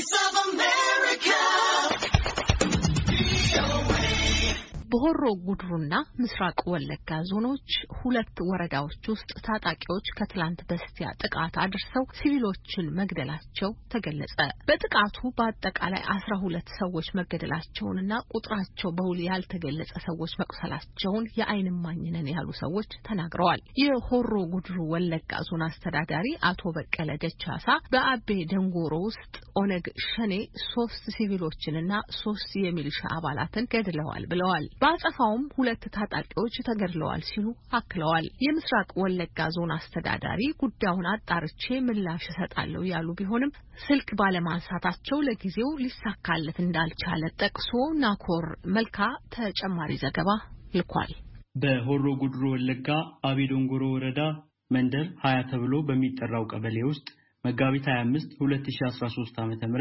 voice of ሆሮ ጉድሩና ምስራቅ ወለጋ ዞኖች ሁለት ወረዳዎች ውስጥ ታጣቂዎች ከትላንት በስቲያ ጥቃት አድርሰው ሲቪሎችን መግደላቸው ተገለጸ። በጥቃቱ በአጠቃላይ አስራ ሁለት ሰዎች መገደላቸውንና ቁጥራቸው በውል ያልተገለጸ ሰዎች መቁሰላቸውን የዓይን እማኝ ነን ያሉ ሰዎች ተናግረዋል። የሆሮ ጉድሩ ወለጋ ዞን አስተዳዳሪ አቶ በቀለ ደቻሳ በአቤ ደንጎሮ ውስጥ ኦነግ ሸኔ ሶስት ሲቪሎችንና ሶስት የሚሊሻ አባላትን ገድለዋል ብለዋል። በጠፈውም ሁለት ታጣቂዎች ተገድለዋል ሲሉ አክለዋል። የምስራቅ ወለጋ ዞን አስተዳዳሪ ጉዳዩን አጣርቼ ምላሽ እሰጣለሁ ያሉ ቢሆንም ስልክ ባለማንሳታቸው ለጊዜው ሊሳካለት እንዳልቻለ ጠቅሶ ናኮር መልካ ተጨማሪ ዘገባ ልኳል። በሆሮ ጉድሮ ወለጋ አቤ ዶንጎሮ ወረዳ መንደር ሀያ ተብሎ በሚጠራው ቀበሌ ውስጥ መጋቢት 25 2013 ዓ.ም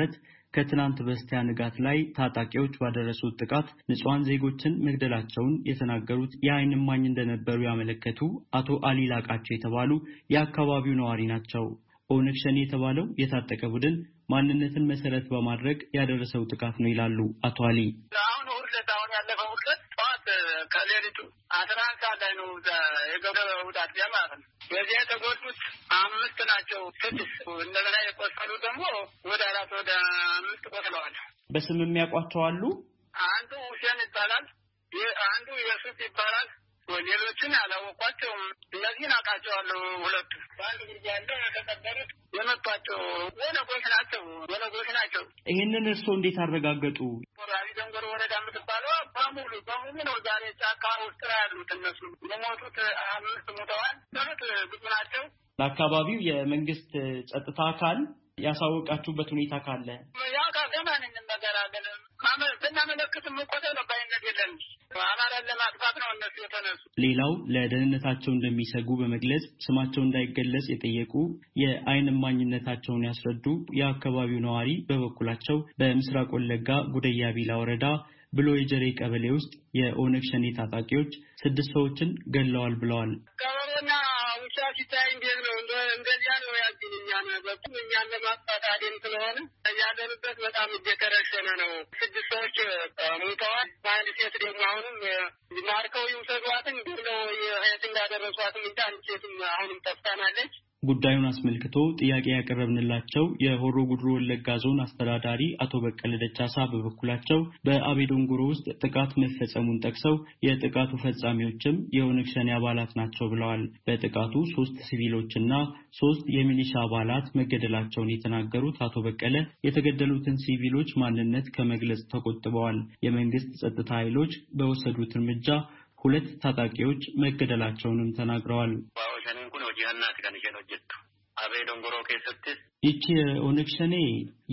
ከትናንት በስቲያ ንጋት ላይ ታጣቂዎች ባደረሱት ጥቃት ንጹሐን ዜጎችን መግደላቸውን የተናገሩት የአይን እማኝ እንደነበሩ ያመለከቱ አቶ አሊ ላቃቸው የተባሉ የአካባቢው ነዋሪ ናቸው። ኦነግ ሸኔ የተባለው የታጠቀ ቡድን ማንነትን መሰረት በማድረግ ያደረሰው ጥቃት ነው ይላሉ አቶ አሊ። አሁን ሁለት አሁን ያለፈው ሁለት ሰዓት ከሌሊቱ አስራ አንድ ሰዓት ላይ ነው የገብረ እሑድ ማለት ነው። በዚህ የተጎዱት አምስት ናቸው፣ ስድስት እንደገና የቆሰሉ ደግሞ ወደ አራት ወደ አምስት ቆስለዋል። በስም የሚያውቋቸው አሉ። አንዱ ሁሴን ይባላል፣ አንዱ ኢየሱስ ይባላል። ሌሎችን አላወቋቸውም። እነዚህን አውቃቸዋለሁ። ሁለቱ በአንድ ጊዜ ያለ የተቀበሉት የመቷቸው ወነጎች ናቸው፣ ወነጎች ናቸው። ይህንን እርስዎ እንዴት አረጋገጡ? የሞቱት እነሱ የሞቱት አምስት ሞተዋል። ሎት ብዙ ናቸው። ለአካባቢው የመንግስት ጸጥታ አካል ያሳወቃችሁበት ሁኔታ ካለ ያው ማንንም ነገር አለን ብናመለክትም እኮ ተቀባይነት የለን። አማራን ለማጥፋት ነው እነሱ የተነሱ። ሌላው ለደህንነታቸው እንደሚሰጉ በመግለጽ ስማቸው እንዳይገለጽ የጠየቁ የአይን እማኝነታቸውን ያስረዱ የአካባቢው ነዋሪ በበኩላቸው በምስራቅ ወለጋ ጉደያ ቢላ ወረዳ ብሎ የጀሬ ቀበሌ ውስጥ የኦነግ ሸኔ ታጣቂዎች ስድስት ሰዎችን ገለዋል ብለዋል። ቀበሮና ውሻ ሲታይ እንዴት ነው? እንደዚያ ነው ያችን በቱም ለማጥፋት ስለሆነ ያለንበት በጣም ነው። ስድስት ሰዎች ሙተዋል። በአንድ ሴት ደግሞ አሁንም ማርከው ይውሰዷትን ብለው እንዳደረሷትም አንድ ሴትም አሁንም ጠፍታናለች። ጉዳዩን አስመልክቶ ጥያቄ ያቀረብንላቸው የሆሮ ጉድሮ ወለጋ ዞን አስተዳዳሪ አቶ በቀለ ደቻሳ በበኩላቸው በአቤዶንጉሮ ውስጥ ጥቃት መፈጸሙን ጠቅሰው የጥቃቱ ፈጻሚዎችም የኦነግ ሸኔ አባላት ናቸው ብለዋል። በጥቃቱ ሶስት ሲቪሎችና ሶስት የሚሊሻ አባላት መገደላቸውን የተናገሩት አቶ በቀለ የተገደሉትን ሲቪሎች ማንነት ከመግለጽ ተቆጥበዋል። የመንግስት ጸጥታ ኃይሎች በወሰዱት እርምጃ ሁለት ታጣቂዎች መገደላቸውንም ተናግረዋል። shaniin kun hojii hannaati kan isheen hojjettu abee dongoroo keessattis ይቺ የኦነግ ሸኔ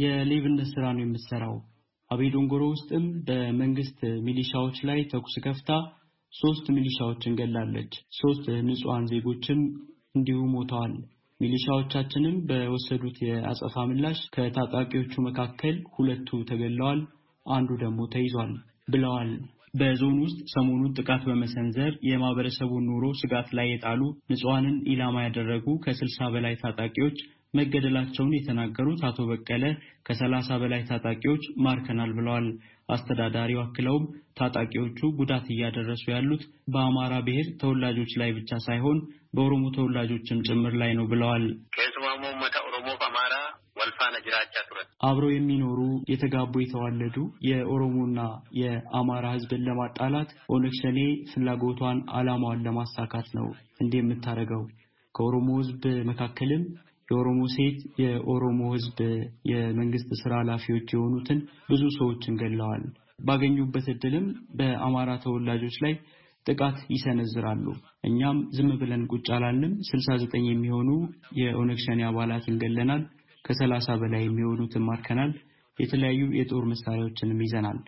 የሌብነት ስራ ነው የምትሰራው። አቤ ዶንጎሮ ውስጥም በመንግስት ሚሊሻዎች ላይ ተኩስ ከፍታ ሶስት ሚሊሻዎችን ገላለች። ሶስት ንጹሃን ዜጎችም እንዲሁ ሞተዋል። ሚሊሻዎቻችንም በወሰዱት የአጸፋ ምላሽ ከታጣቂዎቹ መካከል ሁለቱ ተገለዋል፣ አንዱ ደግሞ ተይዟል ብለዋል። በዞን ውስጥ ሰሞኑን ጥቃት በመሰንዘር የማህበረሰቡን ኑሮ ስጋት ላይ የጣሉ ንጹሐንን ኢላማ ያደረጉ ከስልሳ በላይ ታጣቂዎች መገደላቸውን የተናገሩት አቶ በቀለ ከሰላሳ በላይ ታጣቂዎች ማርከናል ብለዋል። አስተዳዳሪው አክለውም ታጣቂዎቹ ጉዳት እያደረሱ ያሉት በአማራ ብሔር ተወላጆች ላይ ብቻ ሳይሆን በኦሮሞ ተወላጆችም ጭምር ላይ ነው ብለዋል። Aruuf አማራ ወልፋነ ጅራቻ ቱረ አብረው የሚኖሩ የተጋቡ የተዋለዱ የኦሮሞና የአማራ ህዝብን ለማጣላት ኦነግ ሸኔ ፍላጎቷን አላማዋን ለማሳካት ነው እንዲህ የምታደርገው። ከኦሮሞ ህዝብ መካከልም የኦሮሞ ሴት የኦሮሞ ህዝብ የመንግስት ስራ ኃላፊዎች የሆኑትን ብዙ ሰዎችን ገለዋል ባገኙበት እድልም በአማራ ተወላጆች ላይ ጥቃት ይሰነዝራሉ። እኛም ዝም ብለን ቁጭ አላልንም። 69 የሚሆኑ የኦነግ ሸኔ አባላትን ገለናል። ከሰላሳ በላይ የሚሆኑትን ማርከናል። የተለያዩ የጦር መሳሪያዎችንም ይዘናል።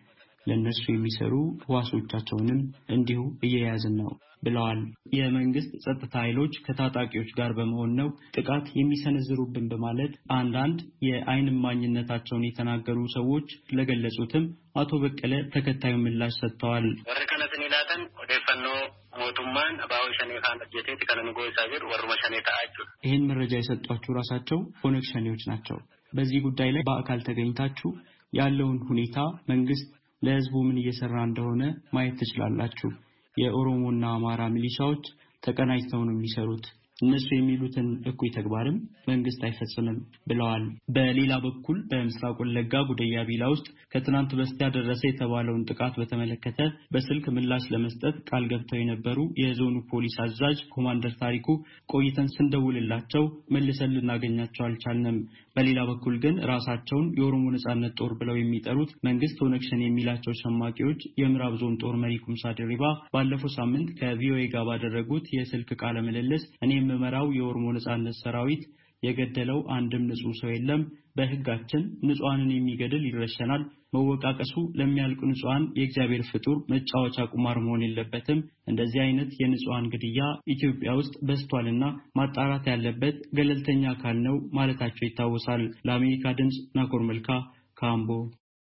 ለነሱ የሚሰሩ ህዋሶቻቸውንም እንዲሁ እየያዝን ነው ብለዋል። የመንግስት ጸጥታ ኃይሎች ከታጣቂዎች ጋር በመሆን ነው ጥቃት የሚሰነዝሩብን በማለት አንዳንድ የአይን እማኝነታቸውን የተናገሩ ሰዎች ለገለጹትም አቶ በቀለ ተከታዩ ምላሽ ሰጥተዋል። ይህን መረጃ የሰጧችሁ ራሳቸው ኦነግ ሸኔዎች ናቸው። በዚህ ጉዳይ ላይ በአካል ተገኝታችሁ ያለውን ሁኔታ መንግስት ለህዝቡ ምን እየሰራ እንደሆነ ማየት ትችላላችሁ። የኦሮሞና አማራ ሚሊሻዎች ተቀናጅተው ነው የሚሰሩት። እነሱ የሚሉትን እኩይ ተግባርም መንግስት አይፈጽምም ብለዋል። በሌላ በኩል በምስራቅ ወለጋ ጉደያ ቢላ ውስጥ ከትናንት በስቲያ ደረሰ የተባለውን ጥቃት በተመለከተ በስልክ ምላሽ ለመስጠት ቃል ገብተው የነበሩ የዞኑ ፖሊስ አዛዥ ኮማንደር ታሪኩ ቆይተን ስንደውልላቸው መልሰን ልናገኛቸው አልቻልንም። በሌላ በኩል ግን ራሳቸውን የኦሮሞ ነጻነት ጦር ብለው የሚጠሩት መንግስት ኦነግ ሸኔ የሚላቸው ሸማቂዎች የምዕራብ ዞን ጦር መሪ ኩምሳ ድሪባ ባለፈው ሳምንት ከቪኦኤ ጋር ባደረጉት የስልክ ቃለ ምልልስ እኔ የምመራው የኦሮሞ ነጻነት ሰራዊት የገደለው አንድም ንጹህ ሰው የለም። በሕጋችን ንጹሐንን የሚገድል ይረሸናል። መወቃቀሱ ለሚያልቅ ንጹሐን የእግዚአብሔር ፍጡር መጫወቻ ቁማር መሆን የለበትም። እንደዚህ አይነት የንጹሐን ግድያ ኢትዮጵያ ውስጥ በዝቷልና ማጣራት ያለበት ገለልተኛ አካል ነው ማለታቸው ይታወሳል። ለአሜሪካ ድምፅ ናኮር መልካ ካምቦ